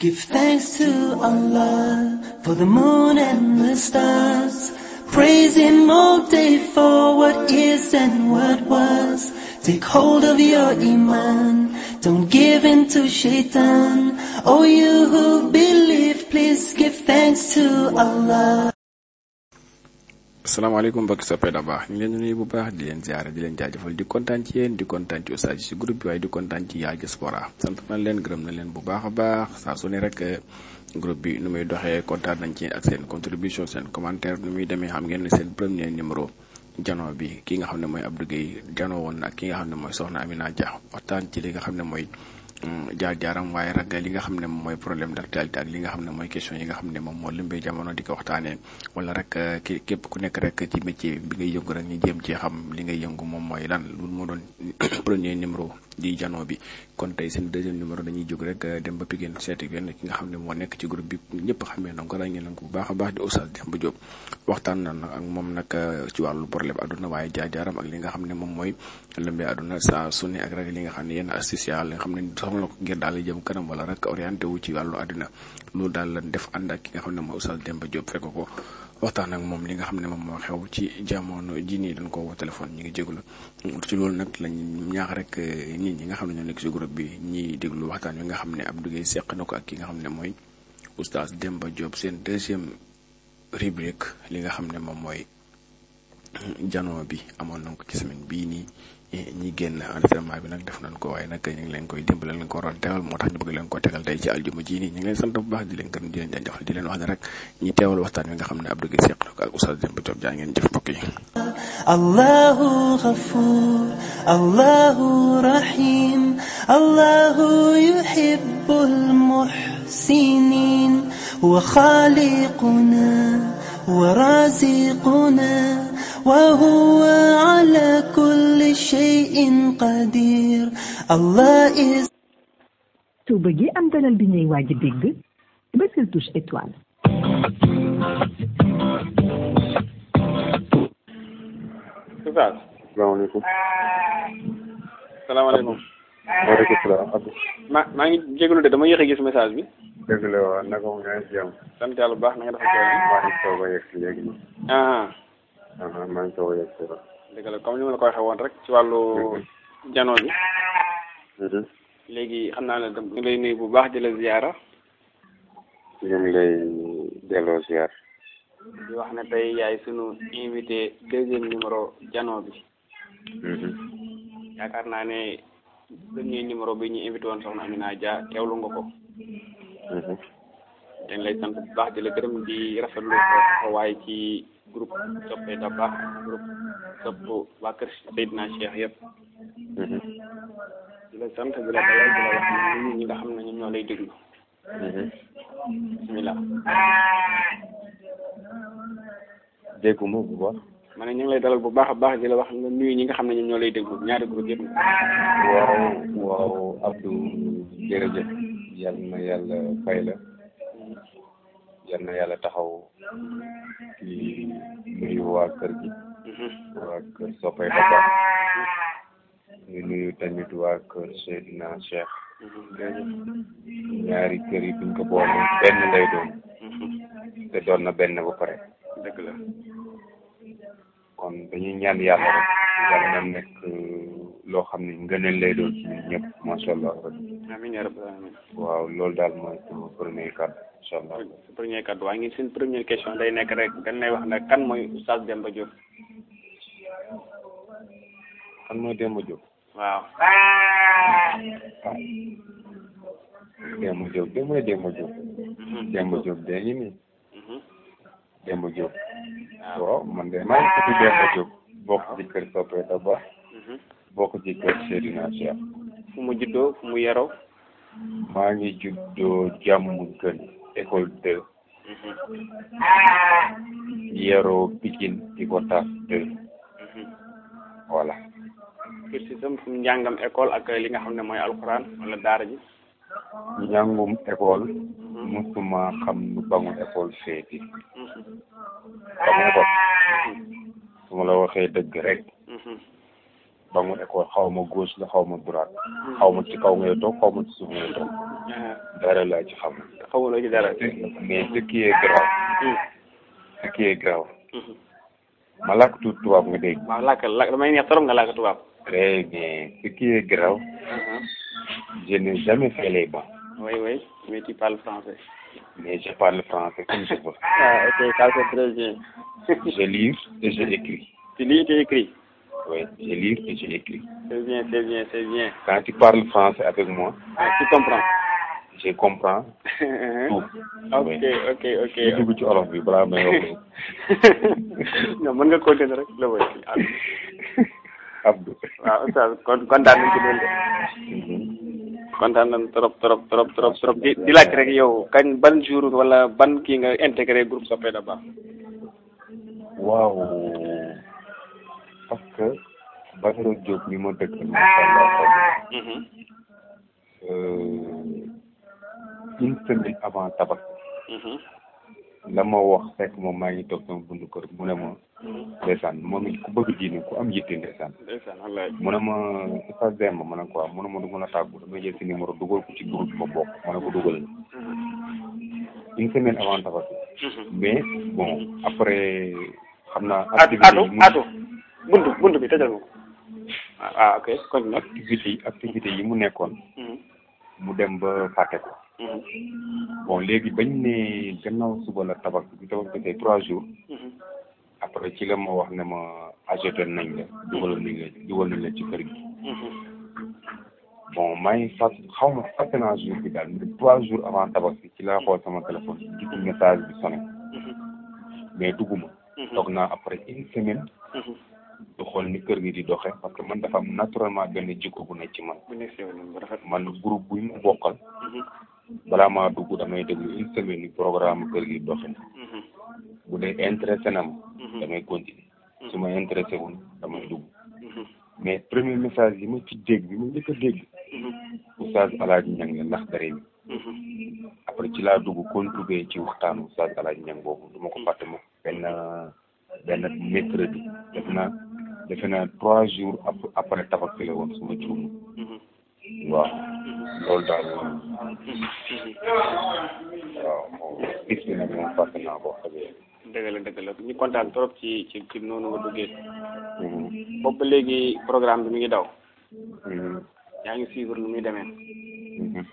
Give thanks to Allah for the moon and the stars. Praise Him all day for what is and what was. Take hold of your iman. Don't give in to shaitan. you who believe, please give thanks to Allah. asalaamaaleykum mbokki soppee da baax ñu ngi leen di nuyu bu baax di leen ziare di leen jaajëfal di kontaan ci yéen di kontaan ci oustaz ci groupe bi waaye di kontaan ci yaa diaspora sant nañ leen gërëm na leen bu baax a baax saa su ne rek eh, groupe bi nu muy doxee kontaan nañ ci ak seen contribution seen commentaire nu muy demee xam ngeen ne seen premier numéro jano bi ki nga xam ne mooy Abdou Guèye janoo woon na ak ki nga xam ne mooy Soxna Amina jaax waxtaan ci li nga xam ne mooy Euh, jaar-jaaram waaye rek li nga xam ne moom mooy problème d'actualité ak li nga xam ne mooy question yi nga xam ne moom moo lëmbee jamono di ko waxtaanee wala rek euh, ki képp ku nekk rek ci métier bi ngay yëngu rek ñu jéem ci xam li ngay yëngu moom mooy lan loolu moo doon premier numéro di janoo bi kon tey seen deuxième numéro dañuy jóg rek euh, dem ba Pikine seeti kenn ki nga xam ne moo nekk ci groupe bi ñëpp xamee na ko ràññee nañ ko bu baax a baax di Oustaz Demba Diop waxtaan na nag ak moom nag euh, ci wàllu problème àdduna waaye jaajaaram ak li nga xam ne moom mooy lëmbee àdduna saa su li nga xam ne yenn astucia li nga xam ne soxla ko ngir daal jëm kanam wala rek orienté wu ci wàllu àdduna loolu daal lan def ànd ak ki nga xam ne mooy Oustaz Demba Diop fekk ko waxtaan ak moom li nga xam ne moom moo xew ci jamono ji nii dañ ko woo téléphone ñu ngi jégalu ci loolu nag lañ ñaax rek eh, nit ñi nga xam ne ñoo nekk si groupe bi ñiy déglu waxtaan wi nga xam ne ab Guèye seq na ko ak ki nga xam ne mooy oustaz Demba Diop seen deuxième rubrique li nga xam ne moom mooy eh, janoo bi amoon nañ ko ci semaine bii nii. Eh, ñi génn enregistrement bi nag def nañ ko waaye nag ñu ngi leen koy dimbale leen ko waroon teewal moo tax ñu bëgg leen ko tegal tey ci aljuma ji nii ñu leen sant bu baax di leen gërëm di di leen wax ne rek ñi teewal waxtaan wi nga xam ne Abdou Guèye seq na ko ak Oustaz Demba Diop jaa ngeen jëf mbokk yi allahu xafuur allahu rahim allahu yuhibbul muhsinin wa xaaliquna wa raziquna وهو على كل شيء قدير Allah is su bëggee am dalal bi ñuy waaj a dégg bësal touche étoile Oustaz salaamaaleykum salaamaaleykum waaleykum salaam Abdou maa maa ngi de dama yéex a gis message bi dëgg la waaw mu ngi jàmm sant yàlla bu baax na nga dafa jàmm maa ngi soog a yegg si léegi nii ah. maa ngi soog comme ni la ko waxee woon rek ci wàllu mhm. janoo bi. Mhm. léegi xam naa ne da nga lay nuyu bu baax di la ziyaara. ñu ngi wax ne tey yaay sunu invité deuxième numéro janoo bi. Mhm. yaakaar naa ne premier numéro bi ñu invité woon soxna Amina Dia teewlu nga ko. dañ lay sant bu baax di la gërëm di rafetlu ko waaye ci. groupe soppe da baax groupe yépp waa kër Seydina Cheikh yëpp mm-hmm. di la sant di la dalal di la wax nit ñi nga xam ne ñoom ñoo lay déglu mm-hmm. bismillah dégguma bu baax ma ñu lay dalal bu baax a baax di wax nga nuyu ñi nga xam ne ñoom ñoo lay déglu ñaari groupe yëpp waaw waaw Abdou jërëjëf yàlla na yàlla yal na yàlla taxaw ci waa kër gi mhm. waa kër soppay Fapal ñu ah. nuyu tamit waa kër Seydina Cheikh mhm. ñaari kër yi buñ ko boole benn lay doon mhm. te doon na benn ba pare kon dañuy ñaan yàlla rek ah. yàlla nekk uh, loo xam ne ngëneel lay doon ci ñun allah amiin waaw loolu daal mooy sama premier kàddu incha allah premier kaddu waa ngi seen première question day nekk rek dañ lay wax ne kan mooy oustaz Demba Diop. kan mooy Demba Diop. waaw. Ah. Demba Diop de mooy mm-hmm. de ngi nii. Mm-hmm. Demba Diop. waaw man de maa ngi tudd Demba bokk ci kër Sopé Daba. Mm-hmm. bokk ci kër Seydina Cheikh. fu mu juddoo fu mu yaroo. maa ngi juddoo jàmm gën. école e deux mm-hmm. yeroo Pikine di ko tas deux mm-hmm. voilà fu njàngam école ak li nga xam ne mooy alxuraan wala daara ji njàngum école mm-hmm. musuma xam nu bangu école feeti xamu ko ah. su ma la waxee dëgg rek bangu école xaw ma gauche la xaw ma droite xaw ma ci kaw ngay toog xaw ma ci suuf ngay toog ah. dara laa ci xam xamuloo ci dara. mais tukki yee garaaw. tukki hmm. yee garaaw. Hmm. ma làkk tuut tubaab nga dégg. waaw làkk làkk damay neex trop nga làkk tubaab. très bien tukki yee garaaw. Hmm. je n'ai jamais fait les bons. oui oui mais tu parles français. mais je parle français comme je veux. ah ok ça c'est très je lis et je écris. tu lis et tu écris. je lis et je écris. c'est bien c'est bien c'est bien. quand tu parles français avec moi. Ah, tu comprends. je comprends. Mhm. ok ok ok ñu dugg bi balaa mën nga continuer rek la woy Abdou. waaw oustaz kon kontaan nañ ci de. Mhm. kontaan nañ trop trop trop trop trop di di rek yow kañ ban jour wala ban kii nga integre group Sope da Baax. waaw parce que Badara Diop mi ma dëkk macha allah. Mhm. Euh, une semaine avant tabax mm-hmm. la ma wax fekk moom maa ngi toog sama bundu kër mu ne ma mm-hmm. ndeysaan moom it ku bëgg diine ku am yitte ndeysaan mu ne ma sa demb ma ne ko waaw mu ne ma du ma la tàggu dama jël si numéro dugal ko ci groupe ma bokk ma ne ko dugal mm-hmm. une semaine avant tabax mais bon après xam naa atu atu bi tëjal ko ah, ah ok continue activité activité yi mu nekkoon mu dem ba fàtte ko bon léegi bañ ne gannaaw suba la tabaski bi tabaski tey trois jours. Mhm. après ci la ma wax ne ma acheté nañ la. dugal nañ la ci kër gi. Mhm. bon maa ngi fàtt xaw ma fàtte naa jour bi daal mais trois jours avant tabaski ci laa xool sama téléphone. gis message bi sonné. Mhm. mais dugguma. toog naa après une semaine. du xool ni kër gi di doxee parce que man dafa am naturellement benn jikko bu ne ci man. bu man groupe bu ñu bokkal. balaa maa dugg damay déglu une semaine ni programme kër gi doxin mhm. bu dee intéressé na ma mhm. damay continuer mhm. su ma intéressé wul damay dugg mais premier message yi ma ci dégg bi ma njëkk a dégg oustaz alaaji ñang la ndax dara bi après ci laa dugg contribuer ci waxtaan oustaz alaaji ñang boobu du ko fàtte ma benn benn mercredi def naa defe naa trois jours après tabaski la woon suma juum waaw loolu daal moom waaw moom gis la dëgg la ñu kontaan trop ci ci ci noonu nga duggee mm-hmm. boobu ba léegi programme bi mu ngi daw mm-hmm. yaa ngi suivre lu muy demee mm-hmm.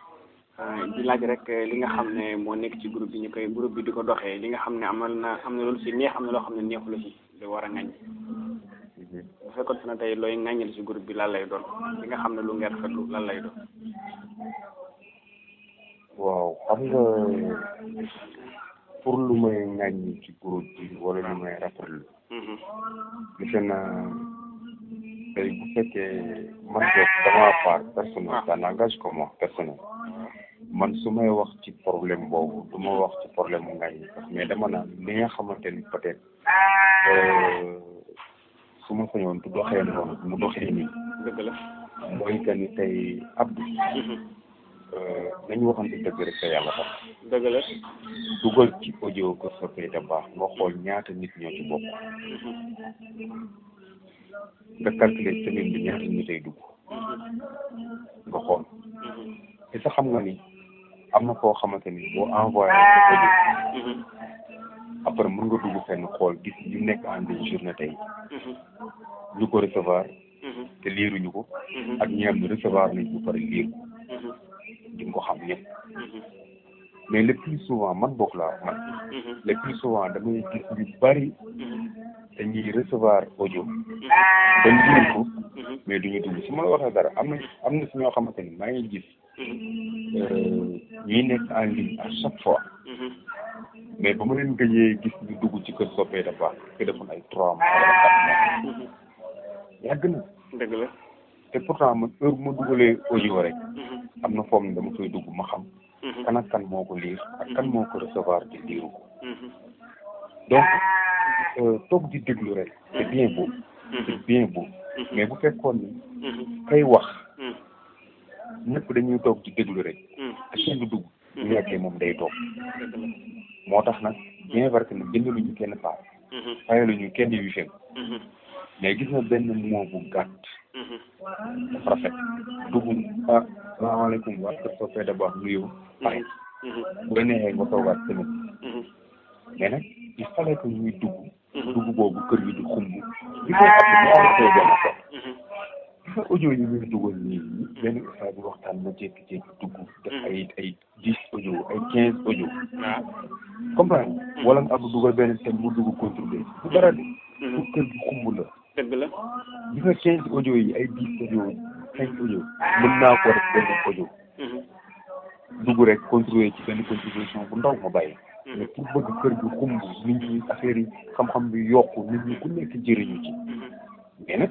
euh, di laaj rek euh, li nga xam ne moo nekk ci groupe bi ñu koy groupe bi di ko doxee li nga xam ne amal na am na loolu si neex am na loo xam ne neexula la si lu war a ngañ bu fekkoon ne tey looy ŋàññil ci groupe bi lan lay doon li nga xam ne lu ngeen xetlu lan lay doon waaw xam nga pour lu may ŋàññi ci groupe bi wala lu may rafetlu defe mhm. naa tey bu fekkee man boog sama part personnel ah. ça n'engage que moi personnel man su may wax ci problème boobu du ma wax ci problème mu ŋàññi mais dama naan li nga xamante ni peut-être euh, su ma sañoon du doxee noonu mu doxee nii. dëgg la mooy que ni tey ab mhm. euh, nañu waxante dëgg rek te yàlla tax. dëgg la. ci audio ko soppee te baax nga xool ñaata nit ñoo ci bokk. Mhm. nga calculer semaine bi ñaata nit ay dugg. Mhm. nga xool. te sax xam nga ni am na koo xamante ni boo envoyé sa audio. après mën nga dugg fenn xool gis yu nekk en une journée tey mm-hmm. ñu ko recevoir mm-hmm. te liiruñu ko mm-hmm. ak ñi am ne recevoir nañ bu pare liir ko di ko xam ñëpp mais le plus souvent man bokk laa man mm-hmm. le plus souvent damay gis ñu bari mm-hmm. dañuy recevoir audio mm-hmm. dañ jël ko mais duñu dugg su ma la waxee dara am na am na si ñoo xamante ni maa ngi gis euh, ñuy nekk en ligne à chaque fois mais ba ma leen gëjee gis ñu dugg ci kër soppee dafa te defoon ay trois mois wala quatre mois yàgg pourtant man heure bu ma dugalee audio rek am na foom ne dama koy dugg ma xam Mm-hmm. kan ak kan mm-hmm. moo ko liir ak kan moo ko recevoir di liiru ko mm-hmm. donc euh, toog di déglu rek c'est bien beau c'est bien beau mais bu fekkoon ni kay wax ñëpp dañuy toog di déglu rek te kenn du dugg bu moom day toog moo tax nag bien vrai que nag jëndaluñu kenn paas fayaluñu kenn huitième mais gis na benn mot bu gàtt dafa rafet dugg ah salaamaaleykum waa kër Sopé Daba nuyu pare mhm. boo neexee nga toogaat tamit mhm. mais nag il fallait que ñuy dugg mhm. dugg boobu kër gi di xumb di ko xamte benn ko gis yi ñuy dugal nii benn ustaas bi waxtaan na jékki-jékki dugg def ay ay dix ay quinze audio waaw ah. comprendre wala nga ab dugal benn thème mu dugg contribuer bu dara de pour kër gi xumb la dëgg la gis nga quinze audio yi ay dix audio cinq naa ko def benn dugg rek contribuer ci benn contribution bu ndaw ma bàyyi. Mm-hmm. mais pour bëgg kër gi xumb nit ñi affaire xam-xam bi yokku nit ñi ku nekk jëriñu ci. Mm-hmm. mais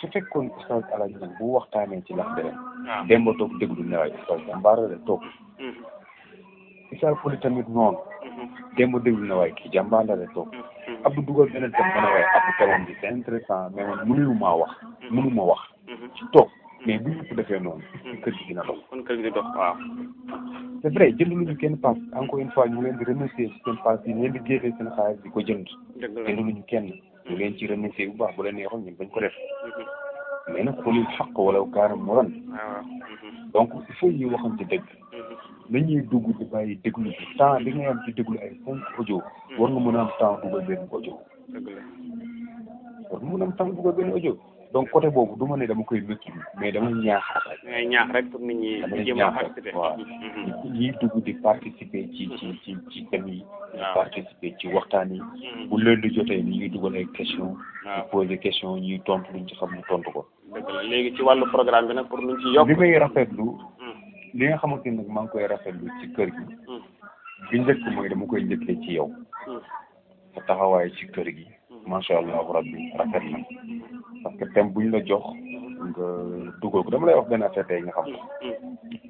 su fekkoon oustaz Alaaji nag bu waxtaanee ci lax dara. Ah. Demba toog déglu ne waaye oustaz jàmbaar la de toog. Mm-hmm. isaal poli tamit noonu. Demba déglu ne waaye kii jàmbaar la de toog. Abdou dugal beneen thème ba waaye ab thème bi c'est intéressant mais man mënuñu maa wax. mënu ma wax ci toog. mais bu ñëpp defee noonu. Mm. kër gi dina dox. vrai jënd luñu kenn paas encore une fois ñu leen di remercier seen paas yi ñu leen di génnee seen xaalis di ko jënd. jënd luñu kenn. ñu leen ci remercier bu baax bu la neexoon ñun bañ ko def. Mm-hmm. mais nag xulil xaq wala kaana muran. Ah, mm-hmm. donc il faut ñuy waxante dëgg. Mm-hmm. nañuy dugg di bàyyi bi temps bi ngay am ci déglu ay cinq audio. war nga mën am temps dugal la a benn audio. donc côté boobu du ma ne dama koy wékki mais dama ñaax rek. ngay rek pour nit ñi. dama ñaax rek waaw ñiy mhm. dugg di participer ci ci ci ci thèmes yi. di participer ci waxtaan yi. Mhm. bu leen di jotee ñu ngi dugal ay questions. waaw di poser question ñuy tontu luñ ci xam mu tontu ko. dëgg la léegi ci wàllu programme bi nag pour luñ ci yokk. li may rafetlu. Mhm. li nga xamante ni nag maa ngi koy rafetlu ci kër gi. bi njëkk mooy dama koy njëkkee ci yow. sa taxawaay ci kër gi. macha allah bi rafet na. parce que thème bu ñu la jox nga dugal ko dama lay wax benn affaire tey nga xam ko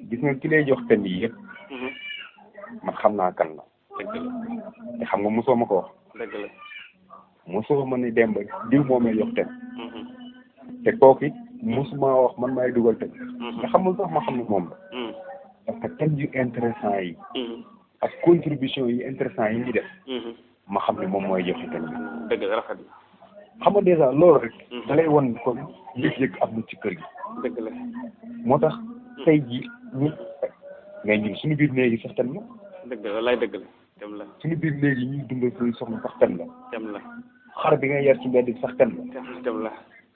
gis nga ki lay jox thème yi yëpp man xam naa kan la te xam nga mosoo ma ko wax mosoo ma ni dem ba diw moo may jox thème mhm. te kooku it mosuma wax man maay dugal thème mhm. nga xamul sax ma xam ne moom la mhm. parce que thème yu intéressant yi ak contribution yi intéressant yi ñuy def ma xam ne moom mooy jox ci thème rafet na xam nga dèjà loolu rek. Mhm. da lay wan kon yëg-yëg am na ci kër gi. dëgg la moo tax mhm. tey jii ñu ngay ñun suñu biir néeg yi sax tem la. dëgg la lay dëgg tem la. suñu biir néeg yi ñuy dundal suñu soxna sax tem tem la xar bi ngay yar ci di sax tem la.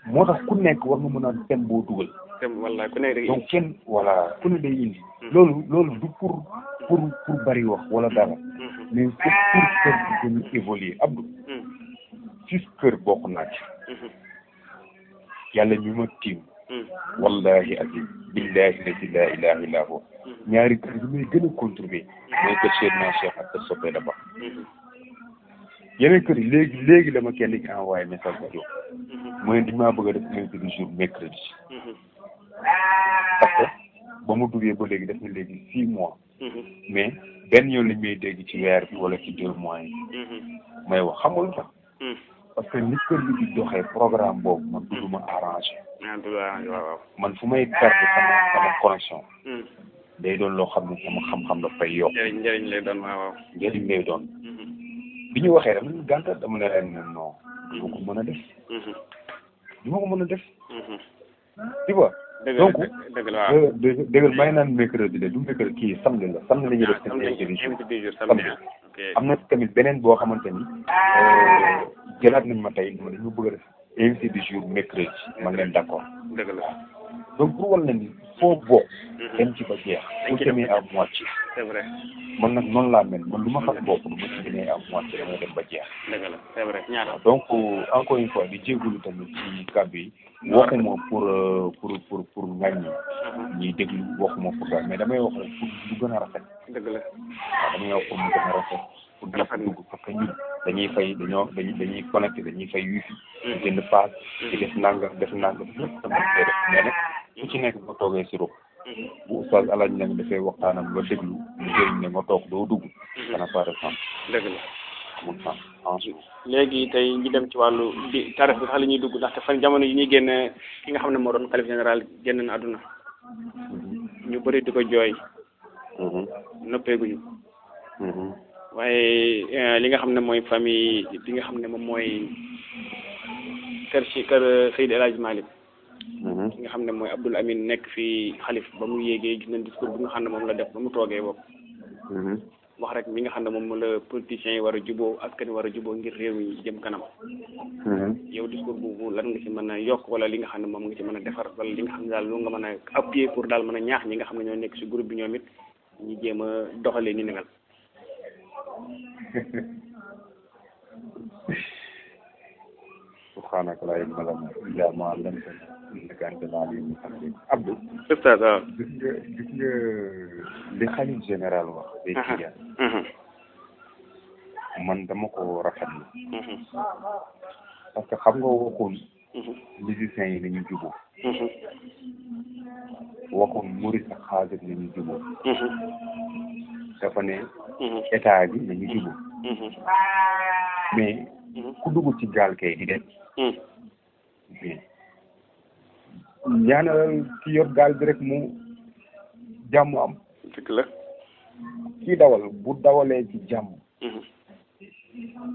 moo tax ku nekk war nga mën a am boo dugal. tem wallaay ku nekk day indi donc kenn voilà ku ne day indi. Mhm. loolu loolu du pour pour pour bari wax wala dara. mais pour pour que ñu évoluer Abdou. six kër bokk naa ci mm-hmm. yàlla mi ma tiim mm-hmm. wallahi azim billahi lazi la ilaha illa hu mm-hmm. ñaari kër yi may gën a contribué mooy kër Seydina Cheikh ak kër Sopé Daba yeneen kër yi léegi léegi la ma envoyé message bi jóg bëgg a def invité du jour mercredi ba mu duggee ba léegi def na léegi six mois mais benn yoon lañ may dégg ci weer bi wala ci deux mois may wax xamul sax parce que ni kër gi di doxee programme boobu man du ma mm-hmm. man fu may perte sama sama mm-hmm. day doon loo xam ne sama xam-xam daf fay yokk. njëriñ njëriñ lay doon waaw waaw. njëriñ lay doon. Mm-hmm. bi ñu waxee rek man gàntal dama ne leen non non. du ko mën a def. du ma ko mën a def. tu vois. dëgg la dëgg la waaw donc dëgg la may naan mercredi la du mercredi kii samedi la samedi la ñuy def seen invité du jour am na tamit beneen boo xamante ni euh, jëlaat nañ ma tey ma dañu bëgg a def invité du jour mercredi ma ngeen d'accord dëgg la donc pour wan na foo bokk dem ci ba jeex. dañ ci demee à man nag noonu laa mel man lu ma xam bopp ma ci demee à moitié damay dem ba jeex. dëgg la c'est vrai ñaar donc encore une fois di jégalu tamit ci kàddu yi. waxuma euh, pour pour pour pour ngañ ñuy déglu waxuma pour daal mais damay wax rek pour lu gën a rafet. dëgg la waaw damay wax pour que dañuy fay dañoo dañuy dañuy connecté dañuy fay wifi. Mm. di jënd paas. di mm. def nangam def nangam ñëpp tamit def mais nag ku ci nekk boo toogee si ruq. bu oustaz alaaj ñang dafay waxtaanam nga déglu lu jëriñ ne nga toog doo dugg mm-hmm. la mun fam léegi tey ñi dem ci wàllu di tarif bi sax ñuy dugg ndaxte fan jamono yi ñuy génn ki nga xam ne moo doon xalif général génn na àdduna mm-hmm. ñu bëri di ko jooy mm-hmm. noppeeguñu waaye eh, li nga xam ne mooy famille bi nga xam ne moom mooy kër si kër Seydi El Hadji Malick Mhm. ki nga xam ne mooy Abdoul Amin nekk fi xalif ba mu yéegee gis nañ discours bi nga xam ne moom la def ba mu toogee bopp mhm. wax rek mi nga xam ne moom la politiciens yi war a juboo askan war a juboo ngir réew yi jëm kanam mhm. yow discours boobu lan nga mën a yokk wala li nga xam ne moom nga ci mën a defar wala li nga xam ne daal lu nga mën a appuyer pour daal mën a ñaax ñi nga xam ne ñoo nekk ci groupe bi ñoom it ñi jéem a doxalee ni ni mel subhaanaka laa ilma lanaa illaa maa allamtanaa innaka antal aliimul hakiim Abdou. ustaz waaw. Ah. gis nga gis nga li xalif général wax. day tijaan. man dama ko rafetlu. parce que xam nga waxoon. musiciens yi nañu jubóo. waxoon murit ak xaadir nañu jubóo. dafa ne. état bi nañu jubóo. mais. Mm-hmm. ku dugg ci gaal kay di dem. Mm. ñaanal ki yor gaal bi rek mu jàmm am. dëgg la. kii dawal bu dawalee ci jàmm. Mm-hmm.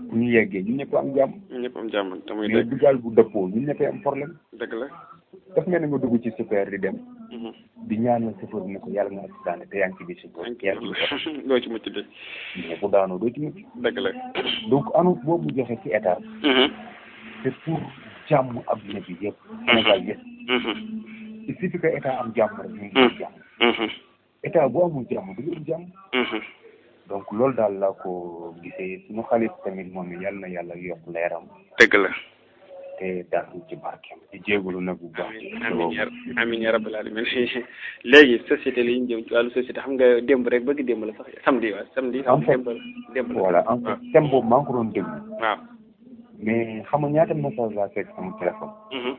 bu ñu yeggee ñun ñëpp am jàmm. ñun ñëpp am jàmm bu gaal bu dëppoo ñun ñëpp am problème. dëgg la. daf mel ni nga dugg ci super di dem. Mm-hmm. di ñaanal chauffeur ko yàlla nga accidenté te yaa ngi ci biir si boobu. yaa ngi ci biir doo ci mucc de. mais bu daanoo doo ci mucc. la. donc annonce boobu joxe ci état. Mm-hmm. c'est pour jàmm adduna bi yëpp. Sénégal yëpp. Mm-hmm. il suffit que état am jàmm rek ñu ngi jàmm. état bu amul jàmm du ñu am jàmm. donc loolu daal laa ko gisee suñu xalit tamit moom yàlla na yokk leeram. la. te daal ci barkeem di jégalu nag bu baax. amiin amiin yaa rabbal aalamiin léegi société la ñu jëm ci wàllu société xam nga demb rek bëgg démb la sax samedi waaw samedi. en fait démb la voilà ko doon déglu. waaw mais xam nga ñaata message laa fekk sama téléphone. Mm-hmm.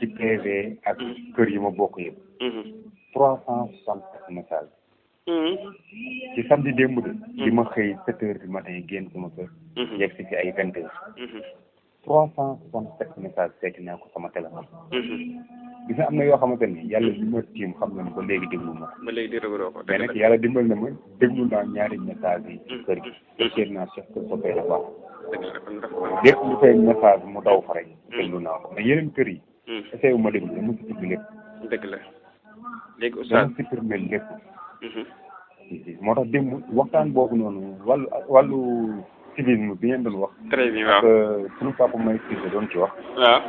ci PV ak mm-hmm. kër yi ma bokk yëpp. Mm-hmm. trois samedi démb de. bi ma xëy sept heures du matin génn sama kër. yegg si ci ay vingt trois cent soixante sept naa ko sama téléphone. gis nga am na yoo xamante ni yàlla li ma xam na ko léegi déglu ma ko. yàlla dimbal na ma déglu naa ñaari message yi kër gi. déglu naa chef kër sopay la baax. lépp lu fay message mu daw fa rek. déglu naa ko mais yeneen kër yi. essayé ma déglu dama supprimer lépp. dëgg la léegi oustaz dama supprimer lépp. moo tax démb waxtaan boobu noonu wàllu wàllu. civisme bi ngeen doon wax. très bien waaw ak euh, sunu papa May Cissé doon ci wax. waaw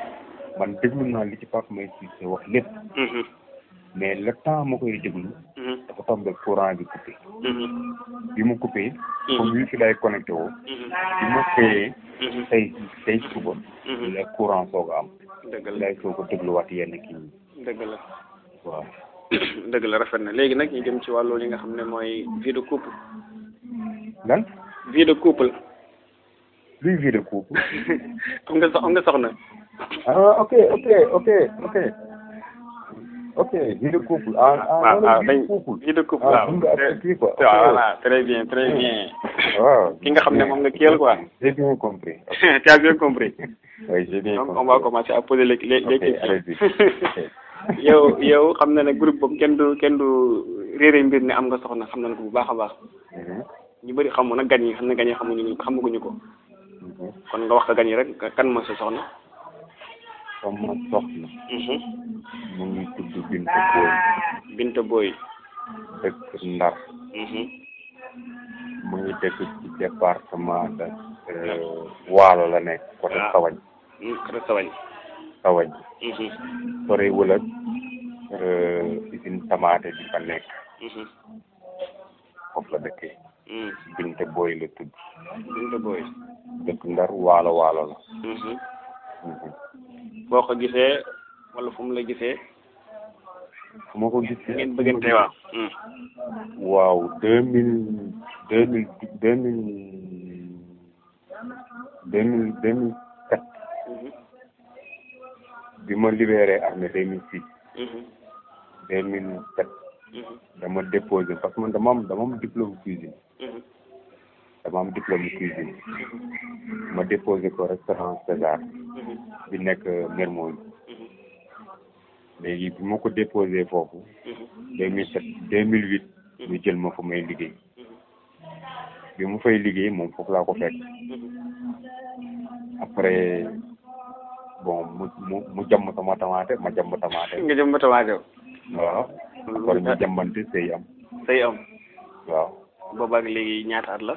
man déglu naa li ci papa May Cissé wax lépp. Mm-hmm. mais le temps ma koy déglu. Mm-hmm. dafa tombé courant bi coupé. Mm-hmm. bi mu coupé. comme wifi lay connecté woo. bi ma xëyee. tey tey suba. la courant soog ko am. dëgg la lay soog a dégluwaat yenn kii yi. dëgg la waaw. dëgg la rafet na léegi nag ñu jëm ci wàllu li nga xam ne mooy vie de couple. lan. luy vie de couple. am nga am nga soxna. ah ok ok ok ok. ok vie de couple ah ah ah dañ vie de couple ah, waaw ah, voilà très ah. ki nga xam ne moom nga kiyal quoi. j'ai bien compris. tu as bien compris. oui j'ai bien compris donc on va commencer à poser les les les questions. yow xam na ne groupe boobu kenn du kenn du réeré mbir ne am nga soxna xam nañ ko bu baax a baax. Mm-hmm. ñu bëri xamoon nag gan yi xam ne gan xam xamuñu xamuñu ko. kon nga wax ka gan yi rek kan mooy soxna. sama soxna. Mhm. mu ngi tudd Binta Boy. Binta Boy. dëkk Ndar. Mhm. mu ngi dëkk ci département de euh, Waalo la nekk. côté Sawañ. Ah. Sawañ. Mm, Sawañ. Mhm. soriwul ak euh, tamaate bi fa nekk. foofu la dëkkee. Mm. Binta Boy la tudd. Binta Boy. dëkk ndar waalo waalo la mm-hmm. Mm-hmm. boo ko gisee wala fu mu la gisee fu ma ko gisee ngeen bëggante waaw waaw deux mille deux mille deux mille deux mille deux mm-hmm. bi ma libéré armée deux mille six deux mille sept dama déposé parce que man dama am dama am diplôme cuisine dama am cuisine ma déposé ko restaurant César bi nekk Mermoz léegi bi ma ko déposé foofu deux mille sept deux mille huit ñu jël ma fa may liggéey bi mu fay liggéey moom foofu laa ko fekk après bon mu mu mu jàmm sama ma jàmm tamaate waaw kon ñu jàmbante léegi ñaata la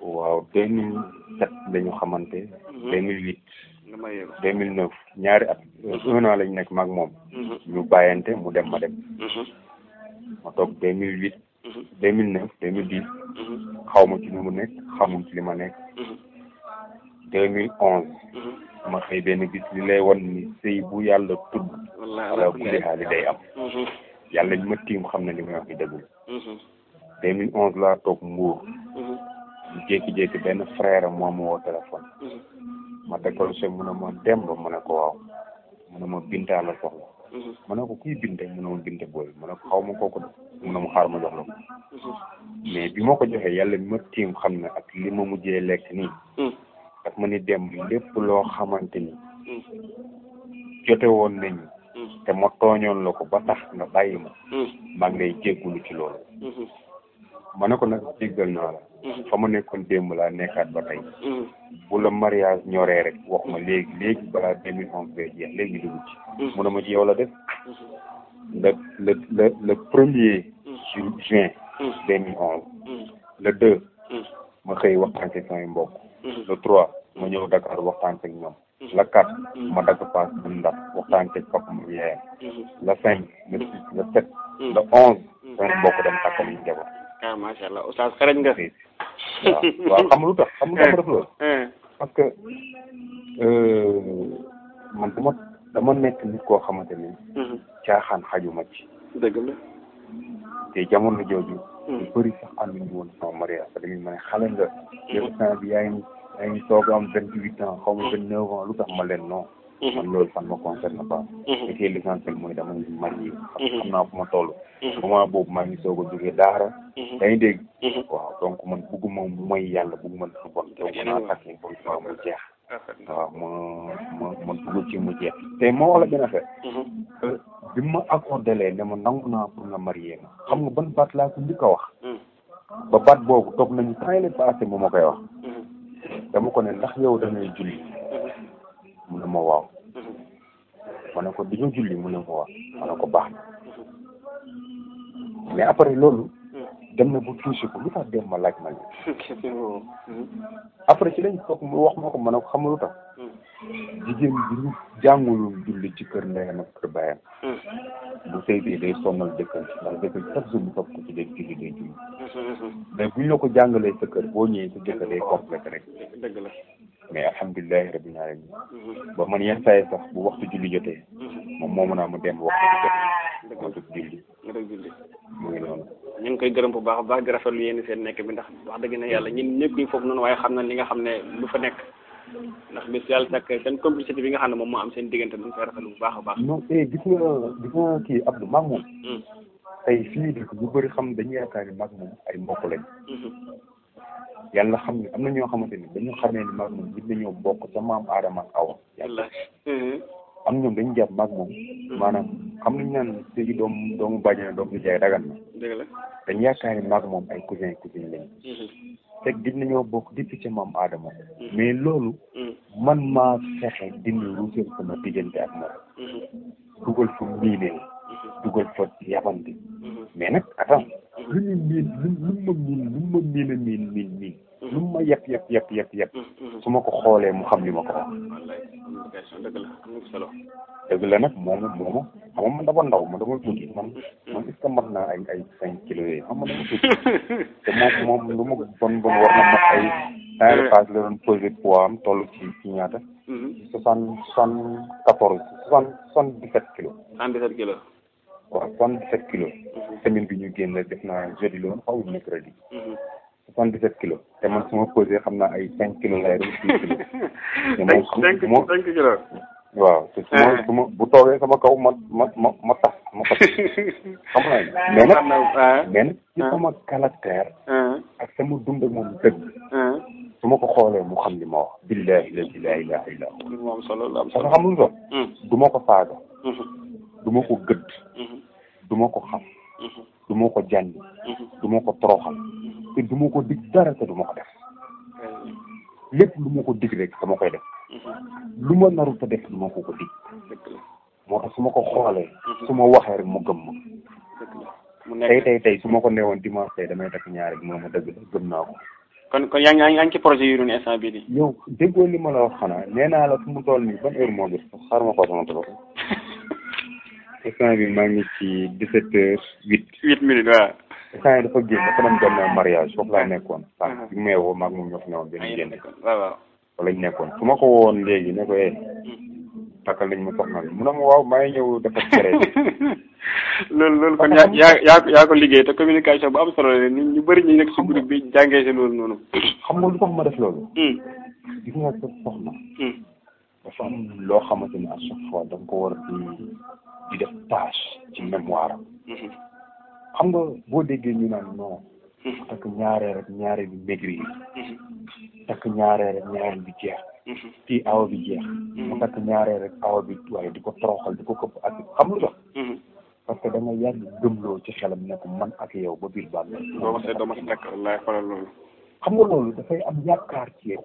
waaw deux mille sept dañu xamante. Mhm. deux mille huit. deux mille neuf ñaari at. Mhm. un naa lañ nekk maag moom. Mhm. ñu bàyyante mu dem ma dem. ma toog deux mille huit. deux mille neuf deux mille dix. xaw ci li mu nekk xamul ci li ma nekk. deux mille onze. ma xëy benn bis li lay wan ni sëy bu yàlla tudd. wala bu li day am. yàlla li ma tiim xam na li may wax dëggul. deux mille onze laa toog Mbour. jékki-jékki benn frère moo ma woo téléphone. Mm-hmm. ma décroché mu ne ma Demba mu ne ko waaw mu ne ma Binta la soxla. mu mm-hmm. ko kuy binte mu ne ma binte booy ko xaw ma kooku de ne ko. Mm-hmm. mais bi ma ko joxee yàlla ma tiim xam ne ak li ma mujjee lekk nii. daf ma ni dem lépp loo xamante ni. jote woon nañu. te ma tooñoon la ko ba tax nga bàyyi ma. maa ngi lay ci loolu. ma ne ko nag jéggal naa la. Mm-hmm. fa ma nekkoon démb laa nekkaat ba tey. Mm-hmm. bu la mariage ñoree rek wax ma léegi léegi balaa deux mille onze bee léegi mm-hmm. mu ne ma ci yow la juin. deux mille onze. le deux. ma xëy waxtaan ci samay mbokk. le trois ma ñëw Dakar waxtaan ci ñoom. la quatre ma dagg paas bu ndax waxtaan ci papa ma yaayam. la cinq le six le sept. le onze. samay mbokk dem takkali njaboot. ah macha allah oustaz xarañ nga fi. waaw xam lu tax xam ma dama nekk nit koo xamante ni. caaxaan xajuma ci. dëgg jamono jooju. lu bëri sax ànduñu woon sama mariage parce ne a ma lu tax ma leen non. Mhm. man loolu fan ma concerne pas li mhm. ci l'essentiel mooy damay marié mhm. xam naa fu ma toll moment boobu maa ngi soog a jógee daara yaa ngi dégg waaw donc man bugguma mooy yàlla bugguma lu bon donc naa takk yi boobu ma mu jeex waaw ma ma ma dugg ci mu jeex te moo wala benn affaire euh, bi ma accordé lee ne ma nangu naa pour nga marié ma xam nga ban baat laa ko njëkk a wax ba baat boobu toog nañu temps yële mu ma koy wax dama ko ne ndax yow da julli mu ne ma waaw ma ne ko di ñu julli mu ne ma waaw ma na ko baax na mais après loolu dem na bu tuusi ko lu tax dem ma laaj ma ne après ci lañ toog mu wax ma ko ma ne ko xamul lu tax jigéen bi ñu jàngulul julli ci kër ndeyam ak kër baayam bu sëy bii day sonal dëkkal ndax dëkkal chaque jour bu topp ko julli day julli mais bu ñu la ko jàngalee sa kër boo ñëwee sa dëkk day complet rek mais alhamdulilahi rabbil alamin mhm. ba man yenn saa yi sax bu waxtu julli jotee mhm. moom moo mën a mu dem waxtu jotee moo dugg julli nga dugg ngi koy gërëm bu baax baax di rafetlu yéen seen nekk bi ndax wax dëgg na yàlla ñun ñëpp ñu foofu noonu waaye xam na li nga xam ne lu fa nekk ndax bis yàlla sàkk seen complicité bi nga xam ne moom moo am seen diggante duñ koy rafetlu bu baax a baax non eh gis nga gis nga kii Abdou maag moom mhm. tey fii dëkk bu bëri xam dañu yaakaar ni maag moom ay mbokk lañ yàlla xam ne am na ñoo xamante ni dañoo xamee ni na moom nit bokk sa maam aadama ak awa yàlla am ñoom dañ jàpp mag moom mm-hmm. maanaam xam nañu naan sëyi doom doomu bàjj na doom di jaay ragal na dañ yaakaar ni maag moom ay cousin cousin lañ fekk gis nañoo bokk depuis ca maam aadama mm-hmm. mais loolu mm-hmm. man maa fexe dindi ruuseel sama diggante ak moom dugal fu miinee dugal fa yabante mm-hmm. mais nag attends mm-hmm. lu ñu miin lu mu ma miin lu mu ma miin a miin miin mm-hmm. lu ma yëpp yëpp yëpp yëpp su ma ko xoolee mu xam li ma ko wax dëgg la nag moom moom xam man dama ndaw man dama tuuti man man est mat naa ay ay cinq kilos yooyu moom moom lu ma bon bon war na mat ay cinq phase la doon posé poids am toll ci ci ñaata soixante soixante quatorze soixante soixante dix sept soixante dix sept soixante-dix-sept kilos mhm. semaine bi ñu génn def naa jeudi loon xaw mercredi mhm. soixante-dix-sept kilos te man su ma posé xam naa ay cinq kilos lay rek six kilos cinq kilos waaw te su ma eh. su ma bu toogee sama kaw ma ma ma ma tax ma tax xam nga mais nag mais nag ci ah. sama caractère ah. ak sama dund ak moom dëgg ah. su ma ko xoolee mu xam li ma wax billahi la ilaha illa allah moom solo la am solo xam lu so hmm. du ma ko saaga hmm. du ma ko gëdd hmm. duma ko xam mhm. du ma ko jànni mhm. du ma ko toroxal mhm. te du ma ko dig dara te duma ko def lépp lu ma ko dig rek dama koy def lu ma naru te def du ma ko ko dig moo tax su ma ko xoolee su ma waxee rek mu gëm ma tey tey tey su ma ko newoon dimanche tey damay takk ñaari bi moo ma dëgg la gëm naa ko kon kon yaa ngi yaa ngi ci projet yu doon instant bii di yow déggoo li ma la wax xanaa nee naa la fu mu toll nii ban heure moo gis xaar ma ko sama téléphone instant bi maa ngi ci 17 heures 8. 8 minutes waaw. instant dafa génn dafa dem benn mariage foofu laa nekkoon. ah, ah. bi mu may woo maag moom ñoo fi génn. waaw waaw. wala nekkoon su ma ko woon léegi ne ko eh. takkal ma soxna bi mu ne ma maa ngi ñëw dafa cere. loolu loolu kon yaa yaa liggéey te communication bu am nit ñu bëri ñu nekk si groupe bi jàngee si loolu noonu. xam nga lu tax ma def loolu. Hmm. gis nga hmm. loo xamante ni à chaque ko di def tâche ci mémoire am. Mm-hmm. xam nga boo déggee ñu naan non. Mm-hmm. takk ñaareel ak ñaareel bi maigrir. Mm-hmm. takk ñaareel ak ñaareel bi jeex. kii awa bi jeex. mu takk ñaareel ak awa bi waaye di ko toroxal di ko këpp ak xam lu tax. parce que da yàgg gëmloo ci xelam nekk ko man ak yow ba biir bàmmeel. doo xam nga loolu dafay am yaakaar ci yow.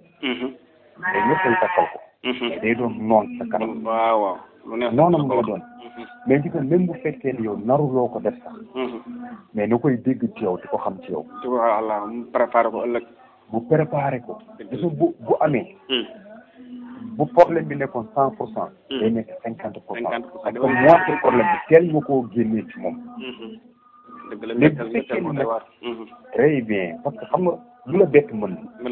mais ñëpp takkal ko. day doon noon sa kanam. waaw waaw. noonam ngay doon mais ci ko même bu fekkee ne yow naruloo ko def sax mais nu koy dégg ci yow di ko xam ci yow walla mu préparé ko ëllëg bu préparé ko gis bu amee bu problème bi nekkoon cent pour cent day nekk cinquante pour cent parce que moitié problème bi teel nga koo génnee ci moom dëgg la mais bu fekkee ne nag très bien parce xam bu la bett mën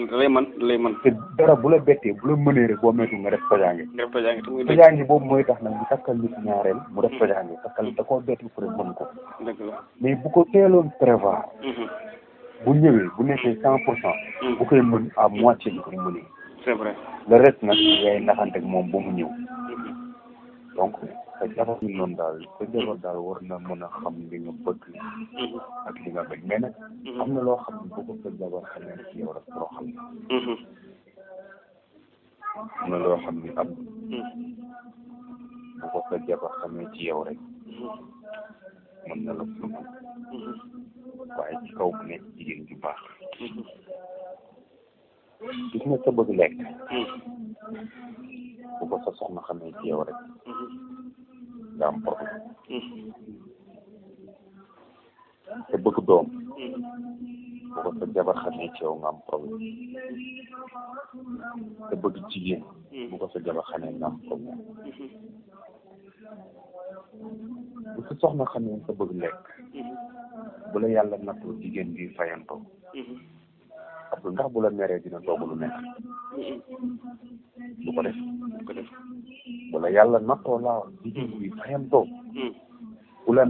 la lay mën lay mën te dara bu la bettee bu la mënee rek boo moytu nga def tojaange nga def tojaange te muy tojaange boobu mooy tax nag mu takkal nit ñaareel mu def mm-hmm. tojaange parce da koo bett pour mën ko dëgg la mais bu ko teeloon prévoir mm-hmm. bu ñëwee bu nekkee cent pour cent mm-hmm. bu koy mën à moitié bi koy mënee c'est vrai le reste nag ngay naxante ak moom ba mu ñëw donc te jamono bi noonu daal sa jabar daal war na mën a xam li nga bëgg ak li nga bañ mais nag am na loo xam ne bu ko sa jabar xamee ci yow rek loo xam ne am na loo xam ne am bu ko sa jabar xamee ci yow rek mën na la ko waaye ci kaw bu nekk jigéen ju baax gis nga sa bëgg lekk hmm. bu ko sa soxna xamee ci yow hmm. nga am problème sa hmm. bëgg doom bu ko sa jabar xamee ci yow nga am problème sa bëgg jigéen bu ko sa jabar xamee nga am problème bu sa soxna sa bëgg lekk yàlla nattoo jigéen bi fayantoo parce que ndax bu la meree dina togg lu nekk du ko def du ko def wala yàlla nattoo laa jigéen bi fayam toog bu la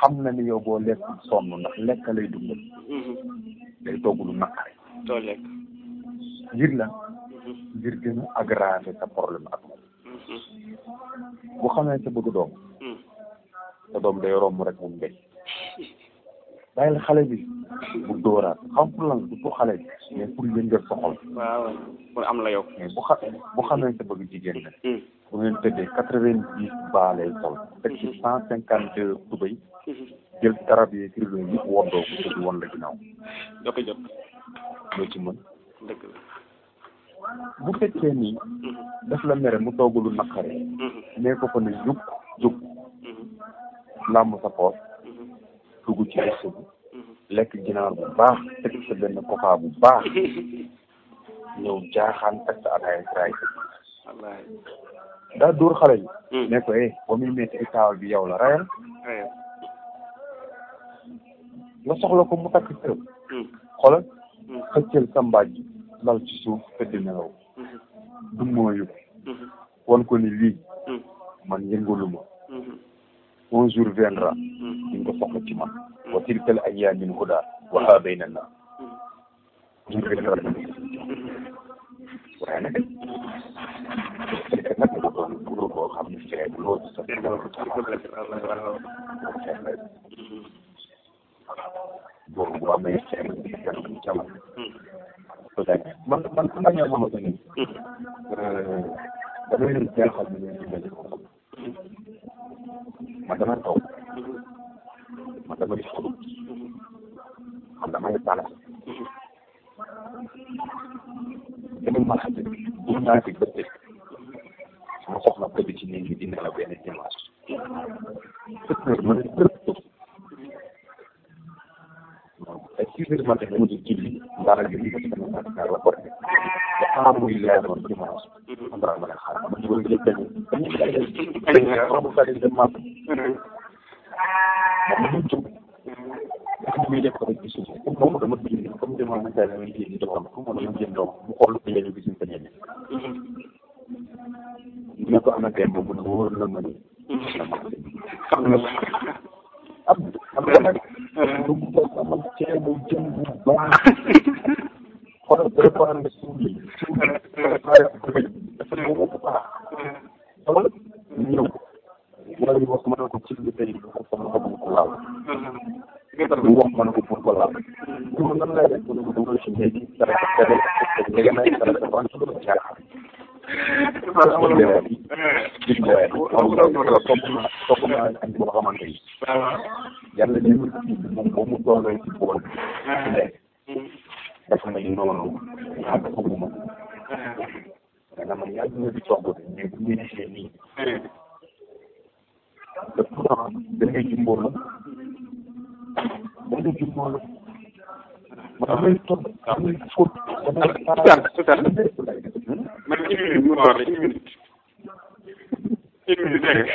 xam na ni yow boo lekk sonn ndax lekk lay dundal day togg lu doo lekk ngir la ngir gën a sa problème ak moom bu xamee sa bëgg doom hmm. sa doom day romb rek mu mbéy bàyyil xale bi bu dóoraat xam pour lan du pour xale bi mais pour yëngal sa pour am la yow. mais bu xa bu xamante bëgg jigéen la. Hmm. bu ngeen tëddee quatre vingt dix baa lay sol. Hmm. teg ci cent cinquante deux tubéy. Hmm. jël tarab yi kilo yëpp wondoo ko tëdd woon la ginnaaw. jokk loo ci mën. dëgg la. bu fekkee nii. daf la mere mu toogalu naqare. nee ko fa ne jug jug. làmb sa poos. dugg ci ëtt bi mm-hmm. lekk ginaar bu baax teg sa benn koppaa bu baax ñëw jaaxaan teg sa ataay traay daa dóor xale bi mm. ne ko eh ba muy metti ci taawal bi yow la rayal nga soxla ko mu takk tëb mm. xoolal mm. xëccël sa mbaaj lal ci suuf tëdd nelaw mm-hmm. du mooyu mm-hmm. wan ko ni lii man yëngaluma un jour viendra mm-hmm. di nga ko soxla ci man mm-hmm. wa tilkal ayyaamil hudaa waxaa bayna mm-hmm. ko waaye nag nag doon góor boo xam ne fee loolu sa góor bu amee fee jamono man man man ñoo xamante euh, ni damay dem teel man dama toog man dama gis xudub man dama ne bala dama mala dëgg bu naa fi ba dëgg sama soxla bëgg ci nit ñi di nelaw benn dimanche sept heures ma ne tëpp ma ne dama di julli ndaara gi ma alhamdulilah doon ci moom. am na ma leen xaar ma ñu bëgg lépp dañuy dañuy dañuy romb fàtte dem màpp. moom ñu jub. ndax li muy def ko rek gis nga ko moom dama bind comme dama ma saa yi jënd doom ko moom dama jënd doom mu xool ko yéen a gis nga ñeneen. ñu ne ko am na benn bu ne wóor na ma ni. xam nga am am na nag. lu mu bokk am ak ceebu jën bu baax. xoolal préparé nga suuf bi. dafa may noonu xam nga ñu ngi togg bi mais bu ñu gisee nii te pourtant da ngay jumboolu da ngay jumboolu ma damay togg damay fóot damay taal tutaan tutaan man une minute mu wax la une minute une minute dégg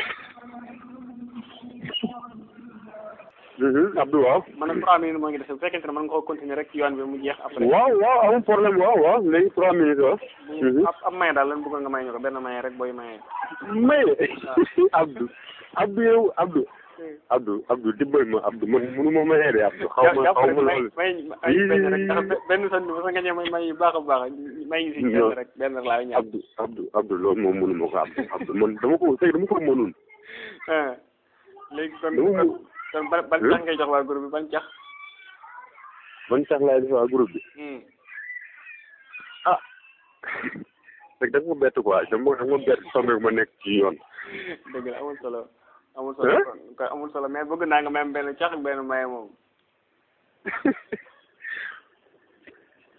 Mhm, Abdou waaw. maanaam 3 minutes moo ngi des bu fekkente ne mën nga koo continuer rek ci yoon bi mu jeex après. waaw waaw amul problème waaw waaw léegi 3 minutes waaw. Mhm. ab ab maye daal lan bëggoon nga maye ñu ko benn maye rek booy maye. maye Abdou Abdou yow Abdou. Abdou Abdou dimbali ma Abdou man munu ma mayee de Abdou. xaw ma xaw ma loolu benn sa nga ñëw may baax a baax may si rek benn laa ñaan. Abdou Abdou ko Abdou Abdou man dama ko tey dama ko mënul. Ah. léegi kon ban ban cax hmm? ngay jox waa ban cax. ban cax laay jox waa groupe hmm. ah. rek daf ma bett quoi dama dama bett soxna ma nekk ci yoon. dëgg la amul solo. amul solo kon amul solo mais bëgg naa nga may benn cax ak benn maye moom.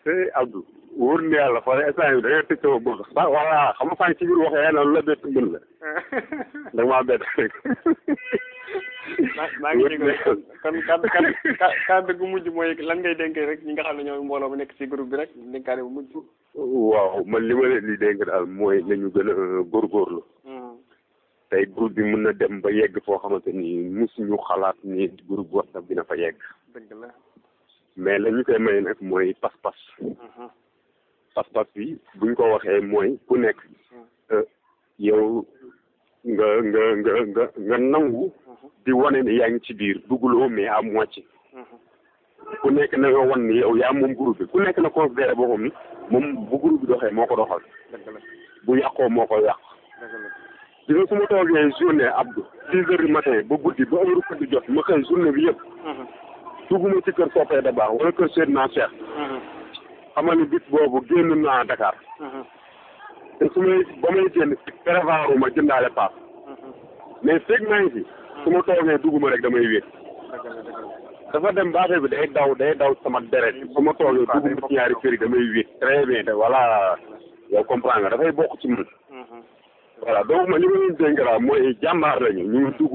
eh Abdou. la bett maa ngi jégalu kon kàddu kàddu kàddu gu mujj mooy lan ngay dénkee rek ñi nga xam ne ñooy mbooloo bu nekk ci groupe bi rek dénkaane bu mujj. waaw man li ma leen di dénk daal mooy nañu gën a góorgóorlu. Hmm. tey groupe bi mën na dem ba yegg foo xamante ni musuñu xalaat ni groupe WhatsApp dina fa yegg. dëgg la mais la ñu koy may nag mooy pas-pas. Hmm. pas-pas bi buñ ko waxee mooy ku nekk hmm. euh, yow. nga nga nga nga nangu di wane ni yaa ngi ci biir dugguloo mais à moitié ku nekk na nga wan ni yow yaa moom groupe bi ku nekk na considéré boppam ni moom bu groupe bi doxee moo ko doxal bu yàqoo moo ko yàq dina nga ma toogee journée Abdou six heures du matin ba guddi ba heure fëdd jot ma xëy journée bi yëpp mhm. dugguma ci kër soppee da baax wala kër seet naa Cheikh mhm. xamal ni bis boobu génn naa Dakar mhm. te su may ba may jënd ma jëndaale paas mais feeg maa ngi fi su ma toogee duguma rek damay wi dafa dem ba affaire bi day daw day daw sama deret su ma toogee duguma ci ñaari da yi damay wéet très bien te voilà yow comprendre nga dafay bokk ci man voilà donc ma li ma leen dénk daal mooy jàmbaar lañu ñu ngi dugg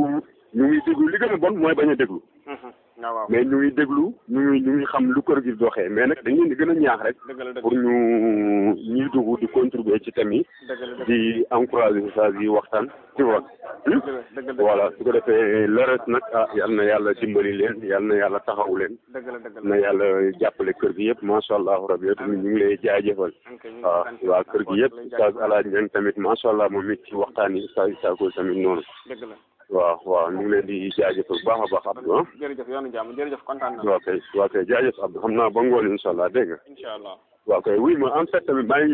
ñu ngi déglu li gën bon mooy ba a déglu Ah, mais ñu ngi déglu ñu ngi xam lu kër gi doxee mais nag dañu leen di gën a ñaax rek. pour ñu ñuy duggu di contribuer ci thème yi. di encourager saa yi waxtaan ci woon. voilà su ko defee le nag ah yal na yàlla dimbali leen yal na yàlla taxaw leen. na yàlla jàppale kër gi yëpp macha allah rabi ñu ngi lay jaajëfal. waaw ah, waa kër gi yëpp Oustaz Alaaji Ñang tamit macha allah moom it ci waxtaan yi Oustaz Isaakou tamit noonu. waaw waaw ñu ngi leen di jaajëfal bu baax a baax Abdou ah. jërëjëf yoonu jàmm jërëjëf kontaan naa. waaw kay xam naa ba ngoon incha allah dégg nga. incha allah waaw kay wuy ma en fait tamit maa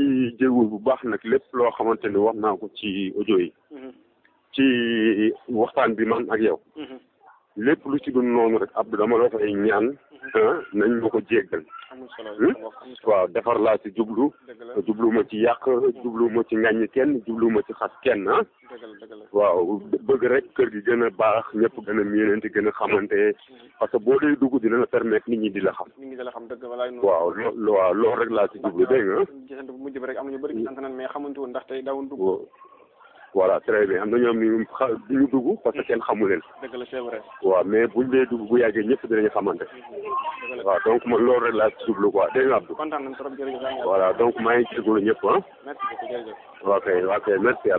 bu baax nag lépp loo xamante ni wax naa ko ci audio mm-hmm. ci waxtaan bi man ak yow. Mm-hmm. lépp lu ci doon noonu rek a dama la fay ñaan. Mm-hmm. Ah, nañ ma ko jéggal. waaw defar laa ci jublu jubluwuma ci yàq jubluwuma ci ŋàññi kenn jubluwuma ci xas kenn ah waaw bëgg rek kër gi gën a baax ñëpp gën a miinante gën a xamante parce que boo dee dugg dina la permettre nit ñi di la xam waaw lo waaw loolu rek laa ci jublu dégg nga voilà très bien am na ñoom ñu xa ñu dugg parce que kenn xamu leen. dëgg la c'est vrai. waaw mais buñ dee dugg bu yàggee ñëpp dinañu xamante. waaw donc man loolu rek laa ci jublu quoi dégg nga Abdou. kontaan nañ trop jërëjëf. voilà maa ngi jégalu ñëpp ah. merci beaucoup jërëjëf. ok ok merci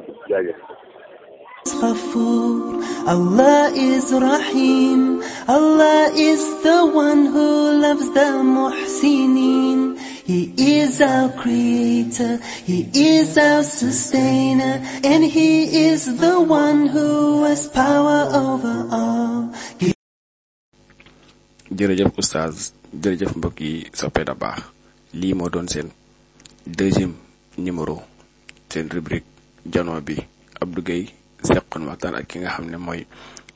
Allah is Rahim Allah is the one who muhsinin He is our creator, He is our sustainer, and He is the one who has power over all. jërëjëf oustaz jërëjëf mbokk yi soppee da baax lii moo doon seen deuxième numéro seen rubrique jano bi ab Gueye seqoon waxtaan ak ki nga xam ne mooy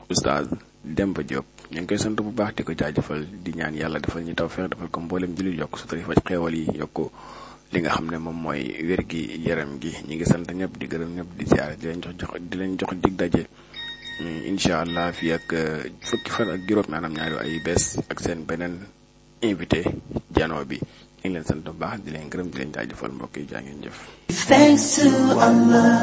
oustaz Demba Diop. ñu ngi koy sant bu baax di ko jaajëfal di ñaan yàlla defal ñi taw feex defal ko mboolem jullit yokk sutura faj xeewal yi yokk li nga xam ne moom mooy wér gi yaram gi ñu ngi sant ñëpp di gërëm ñëpp di ziar di leen jox jox di leen jox dig daje incha allah fii ak euh, fukki fan ak juróom maanaam ñaari ay bees ak seen beneen invité jano bi ñu ngi leen sant bu baax di leen gërëm di leen jaajëfal mbokk yi jaa ngeen jëf. Thanks to Allah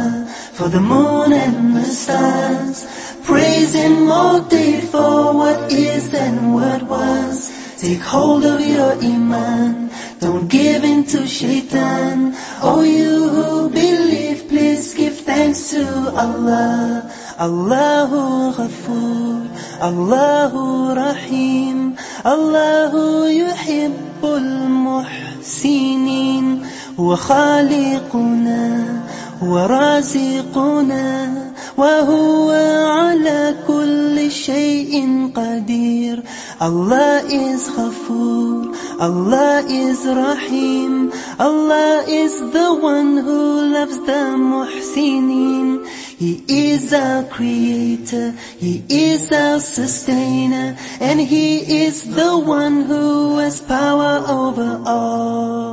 for the moon and the stars, praising multi for what is and what was. Take hold of your iman, don't give in to shaitan. Oh, you who believe, please give thanks to Allah. Allahu Ghafoor, Allahu Rahim, Allahu Yuhib. المحسنين وخالقنا ورازقنا وهو على كل شيء قدير Allah is Ghafur, Allah is Rahim, Allah is the one who loves the Muhsinin. He is our creator, He is our sustainer, and He is the one who has power over all.